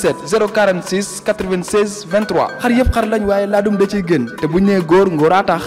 ci 77 046 96 23 xar yëpp xar lañ waaye laa dum da ciy gën te bu ñu nee góor ngóoraa tax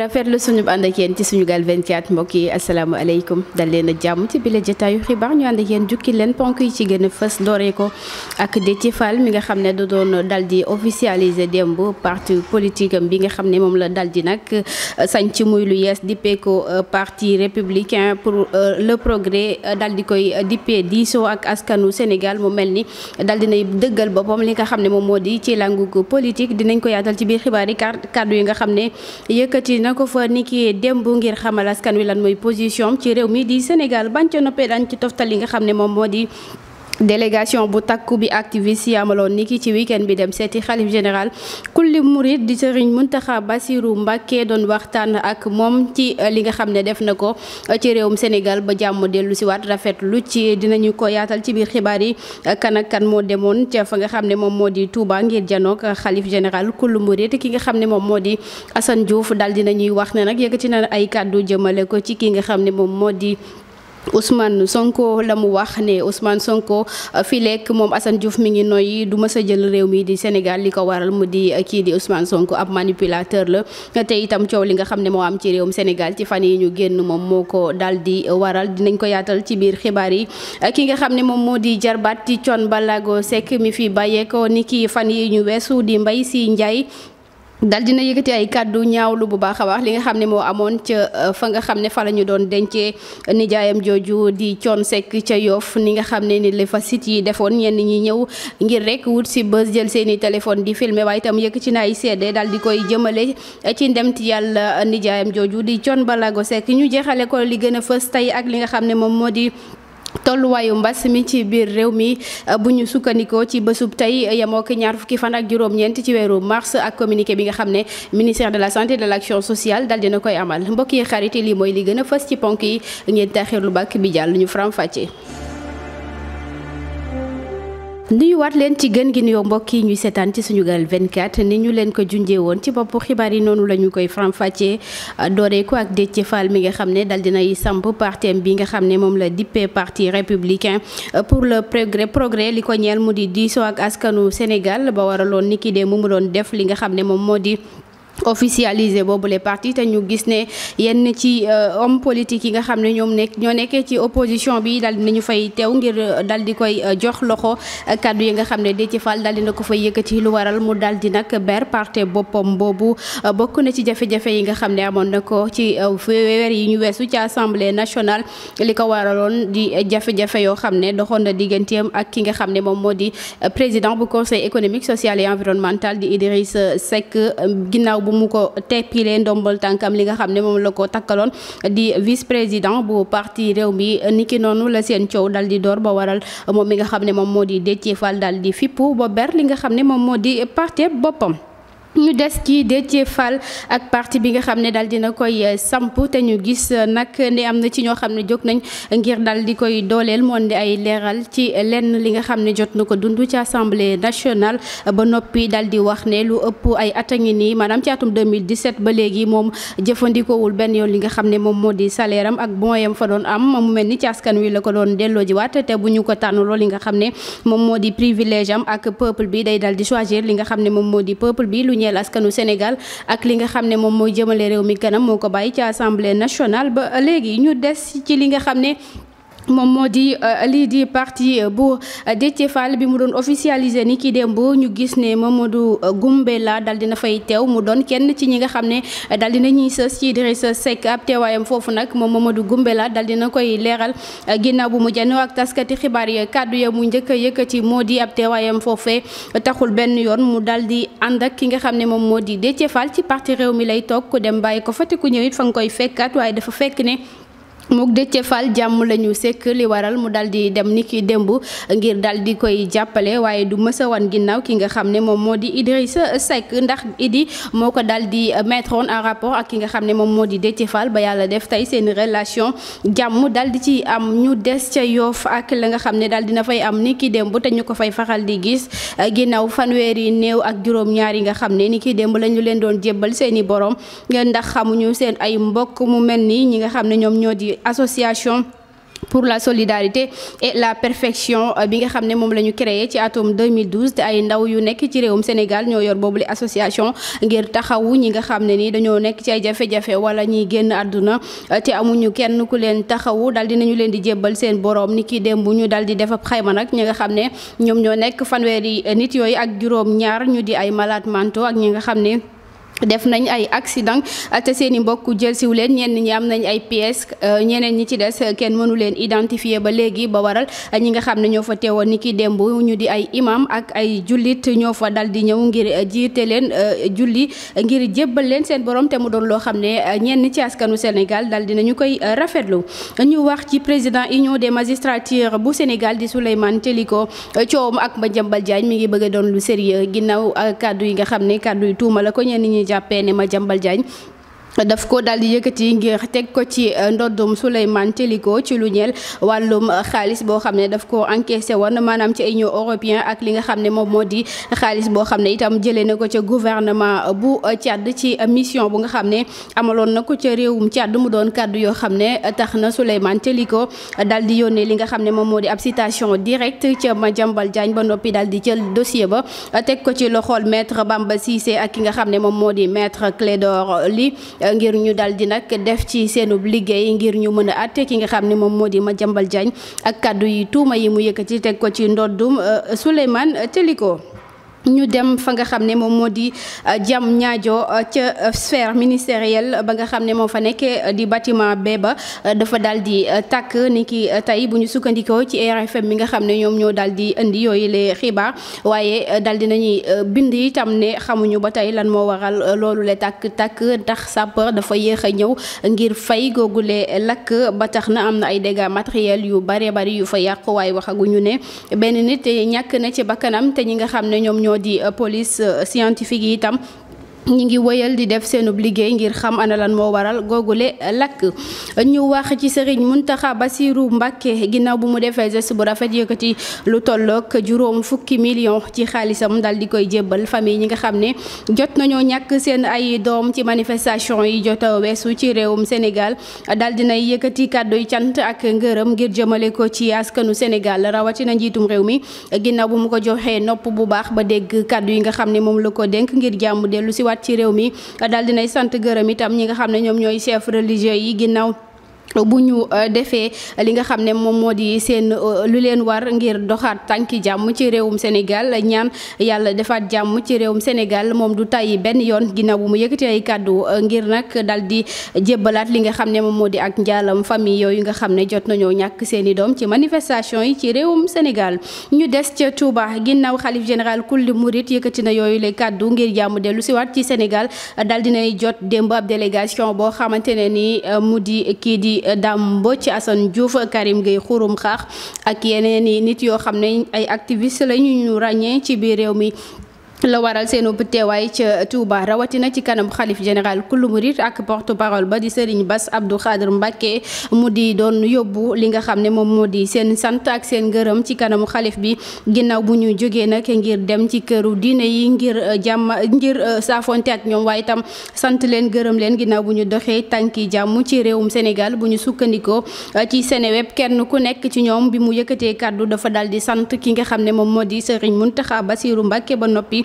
rafetlu suñu ànd ak ci suñu gal 24 mbokk yi asalaamaaleykum dal leen a jàmm ci bile jotaayu xibaar ñu ànd ak yéen jukki leen ponk yi ci gën a fës dooree ko ak Déthié Fall mi nga xam ne da doon dal di officialiser démb parti politique bi nga xam ne moom la dal di nag euh, sañc muy lu yees dippee ko euh, parti républicain pour euh, le progrès dal di koy dippee diisoo ak askanu Sénégal mu mel ni dal dinay dëggal boppam li nga xam ne moom moo di ci làngug politique dinañ ko yaatal ci biir xibaar yi kàddu yi nga xam ne yëkkati na ko fa niki démb ngir xamal askan wi lan mooy position ci réew mi di Sénégal bañ ca noppee dañ ci toftal li nga xam ne moom moo di délégation bu takku bi activiste yi amaloon niki ci week bi dem seeti xalif général kulli murid di sëriñ Muntaxa Basiru Mbàkke doon waxtaan ak moom ci euh, li nga xam ne def na ko euh, ci réewum Sénégal ba jàmm dellu si waat rafetlu ci dinañu ko yaatal ci biir xibaar yi euh, kan ak kan moo demoon ca fa nga xam ne moom moo di Touba ngir janook xalif général kulli murid ki nga xam ne moom moo di Assane Diouf daal ñuy wax ne nag ci na ay kàddu jëmale ko ci ki nga xam ne moom moo di Ousmane Sonko la mu wax ne Ousmane Sonko euh, fii lekk moom Assane Diouf mi ngi noyyi du mës a jël réew mi di Sénégal li ko waral mu di euh, kii di Ousmane Sonko ab manipulateur la tey itam coow li nga xam ne moo am ci réewum Sénégal ci fan yi ñu génn moom moo ko daal di euh, waral dinañ ko yaatal ci biir xibaar yi ki nga xam ne moom moo di jarbaat ci Thione Ballago Seck mi fi bàyyeekoo ni kii fan yi ñu weesu di mbay Sy Ndiaye dal dina yëkkati ay kàddu ñaawlu bu baax a baax li nga xam ne moo amoon ca euh, fa nga xam ne fa la ñu doon dencee nijaayam jooju di coon sekk ca yoof ni nga xam ne ni la fa site yi defoon ñenn ñi ñëw ngir rek wut si bës jël seen i téléphone di filme waaye itam ci na ay seede daal di koy jëmale ci ndemti yàlla nijaayam jooju di coon balago sekk ñu jeexale ko li gën a fës tey ak li nga xam ne moom moo di tolluwaayu mbas mi ci biir réew mi euh, bu ñu sukkandikoo ci bésub tey euh, yemoo ki ñaar fukki fan ak juróom-ñeent ci weeru mars ak communiqué bi nga xam ne ministère de la santé de l' action sociale dal dina koy amal mbokk yi xarit yi lii mooy li gën a fës ci ponk yi ngeen taxir lu bàkk bi jàll ñu faramfàccee nuyuwaat leen ci gën gi nuyoo mbokk yi ñuy seetaan ci suñu vingt 24 ni ñu leen ko junjee woon ci boppu xibaar yi noonu la ñu koy faram-fàccee dooree ko ak Déthié Fall mi nga xam ne dal dinay samp partiem bi nga xam ne moom la dippee parti républicain pour le progrès progrès li ko ñeel mu di diisoo ak askanu Sénégal ba waraloon niki de mu mu doon def li nga xam ne moom moo di. officialisé boobu les partie te ñu gis ne yenn ci euh, homme politique yi nga xam ne ñoom nekk ñoo nekkee ci opposition bi daal dinañu fay teew ngir euh, dal di koy euh, jox loxo kàddu yi nga xam ne Déthié Fall daal dina ko fay yëkkati lu waral mu dal di nag ber parti boppam boobu bokk na ci jafe-jafe yi nga xam ne amoon na ko ci weer yi ñu weesu ci assemblée nationale li ko waraloon di jafe-jafe yoo xam ne doxoon na digganteem ak ki nga xam ne moom moo di président bu conseil économique social et environnemental di Idriss mu ko teppilee ndombal tànkam li nga xam ne moom la ko takkaloon di vice président bu parti réew mi niki noonu la seen coow dal di door ba waral moom mi nga xam ne moom moo di Déthié Fall dal di fippu ba ber li nga xam ne moom moo di parti boppam ñu des ci Déthié Fall ak parti bi nga xam ne daal na koy euh, samp te ñu gis euh, nag ne am na ci ñoo xam ne jóg nañ ngir daal di koy dooleel moon di ay leeral ci lenn li nga xam ne jot na ko dund ci assemblée nationale euh, ba noppi daal di wax ne lu ëpp ay at a ngi nii maanaam ci atum 2017 ba léegi moom jëfandikoowul benn yoon li nga xam ne moom moo di salaire ak bon yam fa doon am mu mel ni ci askan wi la ko doon delloo ji waat te bu ñu ko tànn loolu li nga xam ne moom moo di privilège am ak peuple bi day daal di choisir li nga xam ne moom moo di peuple ñeel askanu Sénégal ak li nga xam ne moom mooy jëmale réew mi kanam moo ko bàyyi ci assemblée nationale ba léegi ñu des ci li nga xam ne moom moo di euh, lii di parti euh, bu euh, Déthié Fall bi mu doon officialisé ni kii dem boo ñu gis ne Mamadou Goumbela dal dina fay teew mu doon kenn ci ñi nga xam ne dal dina ñuy sës ci Idrissa Seck ab teewaayam foofu nag moom Mamadou Goumbela dal dina koy leeral ginnaaw bu mu janoo ak taskati xibaar ya kàddu ya mu njëkka a yëkkati moo di ab teewaayam foofee taxul benn yoon mu dal di ànd ak ki nga xam ne moom moo di Déthié Fall ci parti réew mi lay toog ku dem bàyyi ko fa te ku ñëw it fa nga koy fekkaat waaye dafa fekk ne mook Déthié Fall jàmm la ñu sekk li waral mu dal di dem ni ki démb ngir dal di koy jàppale waaye du mës a wan ginnaaw ki nga xam ne moom moo di Idrissa sekk ndax Idi moo ko dal di mettre en rapport ak ki nga xam ne moom moo di Déthié Fall ba yàlla def tey seen relation jàmm dal di ci am ñu des ca yoof ak la nga xam ne daal na fay am ni ki démb te ñu ko fay faral di gis eh, ginnaaw fanweeri néew ak juróom-ñaar yi nga xam ne ni ki démb la ñu leen doon jébbal seen association pour la solidarité et la perfection euh, bi nga xam ne moom la ñu créé ci atum 2012 te ay ndaw yu nekk ci réewum Sénégal ñoo yor boobu boobule association ngir taxawu ñi nga xam ne nii dañoo nekk ci ay jafe-jafe wala ñii génn àdduna euh, te amuñu kenn ku leen taxawu dal di nañu leen di jébbal seen borom ni ki démb ñu dal di def xayma nag ñi nga xam ne ñoom ñoo nekk fanweeri euh, nit yooyu ak juróom-ñaar ñu di ay malade mentaux ak ñi nga xam ne. def nañ ay accident euh, te seen i mbokk jël siw leen ñenn ñi am nañ ay pièces euh, ñeneen ñi ci des euh, kenn mënu leen identifier ba léegi ba waral ñi nga xam ne ñoo fa teewoon ni ki démb ñu di ay imam ak ay jullit ñoo fa dal di ñëw ngir jiite leen julli ngir jébbal leen seen borom te mu doon loo xam ne ñenn ci kanu senegal dal di ñu koy rafetlu ñu wax ci président union de magistrature bu Sénégal di Souleymane Teliko coowam ak Madiambal Diagne mi ngi bëgg a doon lu yi nga xam ne kàddu yu jàppee ne Madiambal Diagne daf ko daal di yëkkati ngir teg ko ci euh, ndoddum Souleymane Teliko ci lu ñeel wàllum xaalis boo xam ne daf ko encaissé na maanaam ci union européen ak li nga xam ne moom moo di xaalis boo xam ne itam jëlee na ko ca gouvernement bu Tchad ci mission bu nga xam ne amaloon na ko ca réewum Tchad mu doon kàddu yoo xam ne tax na Souleymane Teliko daal di yónnee li nga xam ne moom moo di ab citation directe ma jàmbal Diagne ba noppi daal di jël dossier ba teg ko ci loxool maître Bamba Cissé ak ki nga xam ne moom moo di maître Clédor Ly ngir ñu dal di nag def ci seenub liggéey ngir ñu mën a àtte ki nga xam ni moom moo di Madiambal Diagne ak kàddu yi tuuma yi mu ci teg ko ci ndoddum euh, Souleymane Teliko ñu dem fa nga xam ne moom moo di jam euh, ñaajo euh, ca euh, sphère ministérielle ba nga xam ne moo fa nekkee di batiment bee ba dafa daal di tàkk ni ki tey bu ñu sukkandikoo ci RFM mi nga xam ne ñoom ñoo daal di indi yooyu lee xibaar waaye daal di nañuy bind itam ne xamuñu ba tey lan moo waral loolu le tàkk tàkk ndax sapeur dafa yéex a ñëw ngir fay googule lakk ba tax na am na ay dégâts matériels yu bare bari yu fa yàqu waaye waxaguñu ne benn nit ñàkk na ci bakkanam te ñoo di eh, police eh, scientifique yi itam ñi ngi wëyal di def seenub liggéey ngir xam a na lan moo waral googule lakk ñu wax ci Serigne Mountakha Bassirou Mbacké ginnaaw bu mu defee geste bu rafet yëkkati lu tollook juróom fukki million ci xaalisam dal di koy jébbal famille ñi nga xam ne jot nañoo ñàkk seen ay doom ci manifestation yi jot a weesu ci réewum Sénégal dal dinay yëkkati yi cant ak ngërëm ngir jëmale ko ci askanu Sénégal rawatina njiitum réew mi ginnaaw bu mu ko joxee nopp bu baax ba dégg kàddu yi nga xam ne moom la ko dénk ngir jàmm ñëwaat ci réew mi daal dinay sant gërëm itam ñi nga xam ne ñoom ñooy chef religieux yi ginnaaw bu ñu euh, defee li nga xam ne moom moo di seen euh, lu leen war ngir doxaat tànki jàmm ci réewum Sénégal ñaan yàlla defaat jàmm ci réewum Sénégal moom du tàyyi benn yoon ginnaaw bu mu yëkkati ay kàddu euh, ngir nag dal di jébbalaat li nga xam ne moom moo di ak njaalam famille yooyu nga xam ne jot nañoo ñàkk seen doom ci manifestation yi ci réewum Sénégal. ñu des ca Touba ginnaaw xalif général kulli murit yëkkati na yooyu les kàddu ngir jàmm dellu siwaat ci Sénégal dal dinay jot démb ab délégation boo xamante ne ni mu di kii di. di Dame Mbodj Assane Diouf Karim Gueye xurum xaax ak yeneen i nit yoo xam ne ay activiste lañu ñu ràññee ci biir réew mi la waral seenu teewaay ca Touba rawatina ci kanam xalif général kullu murid ak porte parole ba di Serigne Bass Abdou Khadre Mbacké mu di doon yóbbu li nga xam ne moom moo di seen sant ak seen gërëm ci kanamu xalif bi ginnaaw bu ñu jógee nag ngir dem ci këru diine yi ngir uh, jàmm ngir uh, saafonte ñoom waaye itam sant leen gërëm leen ginnaaw bu ñu doxee tànki jàmm ci réewum Sénégal bu ñu sukkandikoo uh, ci Seneweb kenn ku nekk ci ñoom bi mu yëkkatee kàddu dafa daal di sant ki nga xam ne moom moo di Serigne Mountakha Bassirou Mbacké ba noppi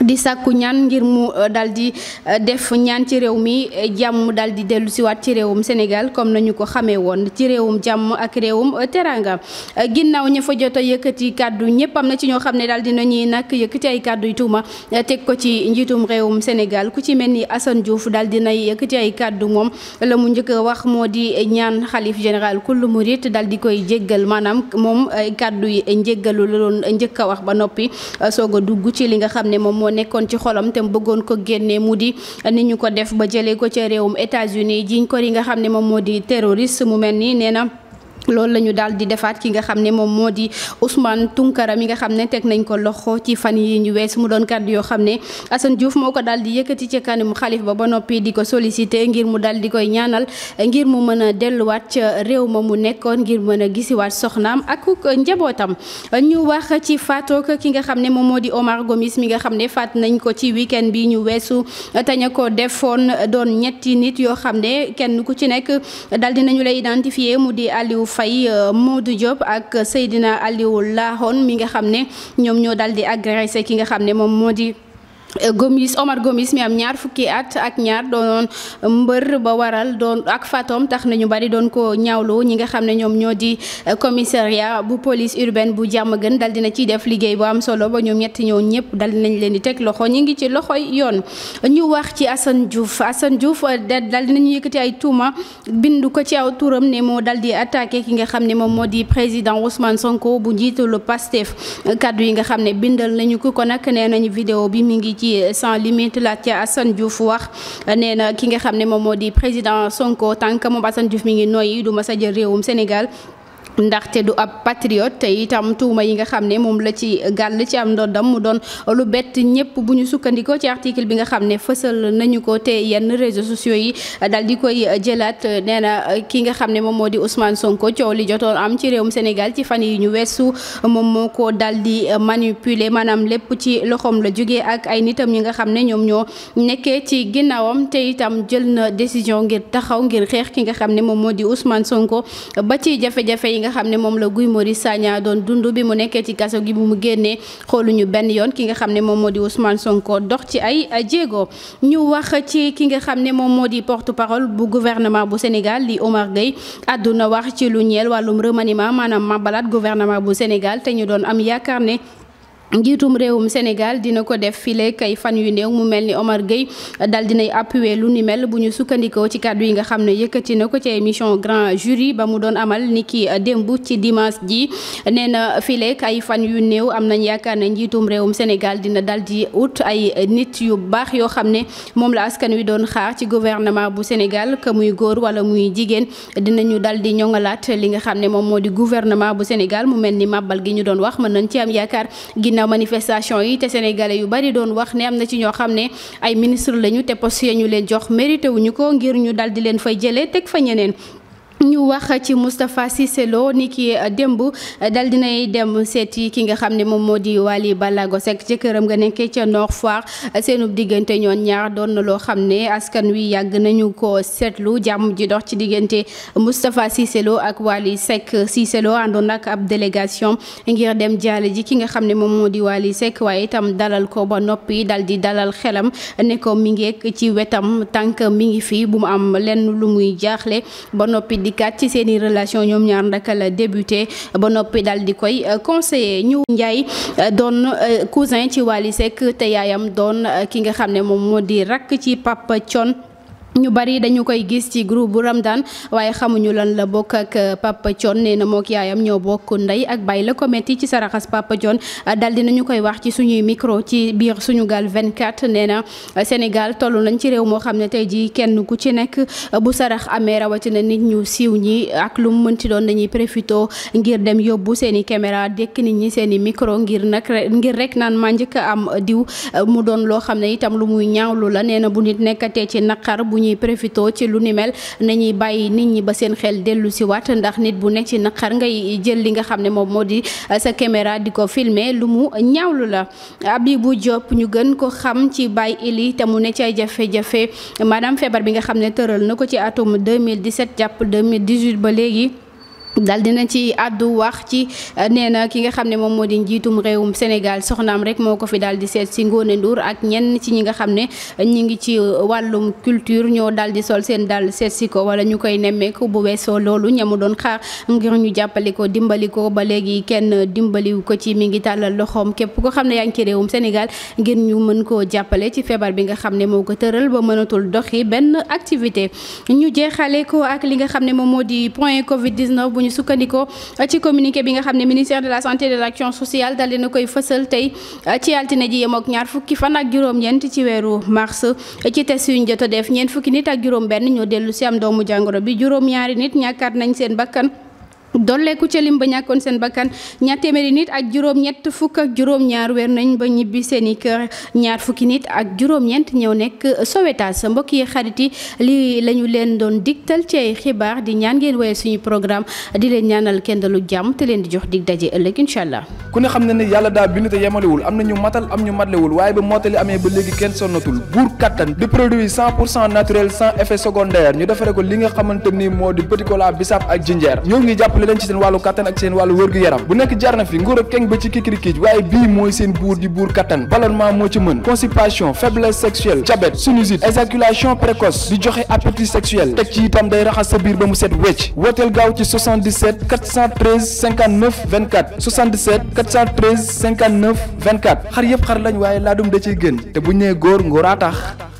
di sàkku ñaan ngir mu euh, dal di euh, def ñaan ci réew mi euh, jàmm dal di dellu siwaat ci réewum Sénégal comme nañu ko xamee woon ci réewum jàmm ak réewum teranga ginnaaw ña fa jot a yëkkati kàddu ñëpp am na ci ñoo xam ne daal dina ñuy nag yëkkati ay kàddu yu teg ko ci njiitum réewum Sénégal ku ci mel ni Assane Diouf daal dinay yëkkati ay kàddu moom la mu njëkk a wax moo di ñaan xalif général kullu murit dal di koy jéggal maanaam moom kàddu yi njéggalu la doon njëkk a wax ba noppi soog a dugg ci li nga xam ne moom moo nekkoon ci xolam te bëggoon ko génnee mu di ni ñu ko def ba jëlee ko ca réewum États-Unis jiñ ko yi nga xam ne moom moo di terroriste mu mel ni nee na loolu la ñu daal di defaat ki nga xam ne moom moo di Ousmane Tunkara mi nga xam ne teg nañ ko loxo ci fan yi ñu wees mu doon kàddu yoo xam ne Assane Diouf moo ko daal di yëkkati ci kanamu xalif ba ba noppi di ko sollicité ngir mu daal di koy ñaanal ngir mu mën a delluwaat ca réew ma mu nekkoon ngir mën a gisiwaat soxnaam ak njabootam. ñu wax ci faatoog ki nga xam ne moom moo di Omar Gomis mi nga xam ne faat nañ ko ci week-end bi ñu weesu taña ko defoon doon ñetti nit yoo xam ne kenn ku ci nekk Faye euh, Modou Diop ak Seydina Aliou Lahone mi nga xam ne ñoom ñoo daal di agressé ki nga xam ne moom moo di Euh, Gomis Omar Gomis mi am ñaar fukki at ak ñaar doonoon mbër ba waral doon ak fatom tax nañu bari doon ko ñaawlu ñi nga xam ne ñoom ñoo di euh, commissariat bu police urbaine bu Diamaguène dal dina ciy def liggéey bu am solo ba ñoom ñetti ñëw ñëpp dal dinañ leen di teg loxo ñu ngi ci loxo yoon ñu wax ci Assane Diouf Assane Diouf euh, dal dinañu yëkkati ay tuuma bind ko ci aw tuuram ne moo dal di attaqué ki nga xam ne moom moo di président Ousmane Sonko bu njiitalu Pastef kàddu yi nga xam ne bindal nañu ko ko nag nee nañu vidéo bi mu ngi ci sans limite laaj ca assan Diouf wax nee na ki nga xam ne moom moo di président Sonko tànk moom Assane Diouf mi ngi noyyi du ma sa jël réewum Sénégal ndaxte du ab patriote tey itam tuuma yi nga xam ne moom la ci gàll ci am ndoddam mu doon lu bett ñëpp bu ñu sukkandikoo ci article bi nga xam ne fësal nañu ko te yenn réseaux sociaux yi dal di koy jëlaat nee na eh, ki nga xam ne moom moo di Ousmane Sonko coow li jotoon am ci réewum Sénégal ci fan yi ñu weesu moom moo ko dal di manipuler maanaam lépp ci loxoom la jógee ak ay nitam ñi nga xam ne ñoom ñoo nekkee ci ginnaawam te itam jël na décision ngir taxaw ngir xeex ki nga xam ne moom moo di Ousmane Sonko ba ci jafe-jafe yi nga xam ne moom la Guy moo Marius Sagna doon dund bi mu nekkee ci kaso gi bu mu génnee ñu benn yoon ki nga xam ne moom moo di Ousmane Sonko dox ci ay jéego ñu wax ci ki nga xam ne moom moo di porte parole bu gouvernement bu Sénégal di Omar Gueye àdduna wax ci lu ñeel wàllum remaniement maanaam mabalaat gouvernement bu Sénégal te ñu doon am yaakaar ne njiitum réewum Sénégal dina ko def file kay fan yu néew mu mel ni Omar Gueye dal dinay appuyer lu ni mel bu ñu sukkandikoo ci kàddu yi nga xam ne yëkkati na ko ci émission grand jury ba mu doon amal ni ki démb ci dimanche ji nee na file ay fan yu néew am nañ yaakaar ne njiitum réewum Sénégal dina dal di ut ay nit yu baax yoo xam ne moom la askan wi doon xaar ci gouvernement bu Sénégal que muy góor wala muy jigéen dinañu dal di ñoŋalaat li nga xam ne moom moo di gouvernement bu Sénégal mu mel ni màbbal gi ñu doon wax mën nañ ci am yaakaar ginnaaw manifestation yi te sénégalais yu bari doon wax ne am na ci ñoo xam ne ay ministre lañu te poste ñu leen jox mérité wu ko ngir ñu dal di leen fay jëlee teg fa ñeneen ñu wax ci Moustapha Cissé Lo ni euh, démb euh, dal dinay dem seeti ki nga xam ne moom moo di Wally Ballago Seck ci këram nga nekkee ca Nord Foire euh, seenub diggante ñoon ñaar doon na loo xam ne askan wi yàgg nañu ko seetlu jàmm ji dox ci diggante Moustapha Cissé Lo ak Wally Seck Cissé Lo àndoon ak ab délégation ngir dem jaale ji ki nga xam ne moom moo di Wally sekk waaye itam dalal ko ba noppi dal di dalal xelam ne ko mi ngeek ci wetam tànk mi ngi fi bu mu am len lu muy jaaxle dikkaat ci seen i relation ñoom ñaar ndaka la débuté ba noppi daal di koy euh, conseiller ñu Ndiaye euh, doon euh, cousin ci Wally Seck te yaayam doon ki nga xam ne moom moo di rakk ci Papa Thione ñu bari dañu koy gis ci groupe bu Ramdan waaye xamuñu lan la bokk ak euh, Papa Thione nee na mook yaayam ñoo bokk ndey ak bàyyi la ko metti ci sa raxas Thione euh, dal dinañu koy wax ci suñuy micro ci biir Sunugal 24 nee na euh, Sénégal toll nañ ci réew moo xam ne tey jii kenn ku ci nekk bu sarax amee rawatina nit ñu siiw ñi ak lu mu mënti doon dañuy profito ngir dem yóbbu seeni i caméra nit ñi seen i micro ngir nag ngir rekk naan ma njëkk am diw mu doon loo xam ñuy profité ci lu ni mel ñuy bàyyi nit ñi ba seen xel dellu si waat ndax nit bu nekk ci naqar ngay jël li nga xam ne moom moo di euh, sa caméra di ko filmer lu mu ñaawlu la Abibou Diop ñu gën ko xam ci Baye Ili te mu ne ci ay jafe-jafe maanaam feebar bi nga xam ne tëral na ko ci atum 2017 jàpp 2018 ba léegi dal dina ci àddu wax ci euh, nee na ki nga xam ne moom moo di njiitum réewum Sénégal soxnaam rek moo ko fi daal di seet si Ngone Ndour ak ñenn ci ñi nga xam ne euh, ñi ngi ci euh, wàllum culture ñoo daal di sol seen dal seet si ko wala ñu koy nemmeeku bu weesoo loolu ñamu doon xaar ngir ñu jàppale ko dimbali ko ba léegi kenn dimbaliwu ko ci mi ngi tàllal loxoom képp ko xam ne yaa ci réewum Sénégal ngir ñu mën koo jàppale ci feebar bi nga xam ne moo ko tëral ba mënatul doxi benn activité ñu jeexale ko ak li nga xam ne moom moo di point Covid 19 ñu sukkandikoo ci communiqué bi nga xam ne ministère de la santé et de l'action sociale daal dina koy fësal tey ci altine ji yem ak ñaar fukki fan ak juróom-ñeent ci weeru mars ci test yuñ jot a def ñeent fukki nit ak juróom benn ñoo dellu si am doomu jàngoro bi juróom-ñaari nit ñàkkaat nañ seen bakkan dolleeku ca lim ba ñàkkoon seen bakkan ñaar téeméeri nit ak juróom ñett fukk ak juróom ñaar weer nañ ba ñibbi seen i kër ñaar fukki nit ak juróom ñeent ñëw nekk Sowétas mbokk sa xarit yi lii la ñu leen doon digtal ci ay xibaar di ñaan ngeen woyee suñu programme di leen ñaanal kenn dalu jàmm te leen di jox dig daje ëllëg incha allah. ku ne xam na ne yàlla daa bind te yemalewul am na ñu matal am ñu matlewul waaye ba mottali amee ba léegi kenn sonnatul buur kattan di produit li nga xamante ni moo di petit cola bisaab jàppale leen ci seen wàllu kattan ak seen wàllu wërgu-yaram bu nekk jar na fi nguur ak keng ba ci kikirikiij waaye bii mooy seen buur di buur kattan ballonnement moo ci mën constipation faiblesse sexuelle diabète sinusite éjaculation précoce di joxe appétit sexuel teg ci itam day raxas sa biir ba mu set wecc wooteel gaaw ci 77 413 59 24 77 413 59 24 xar yëpp xar lañ waaye laa laadum da ciy gën te bu ñu nee góor ngóoraa tax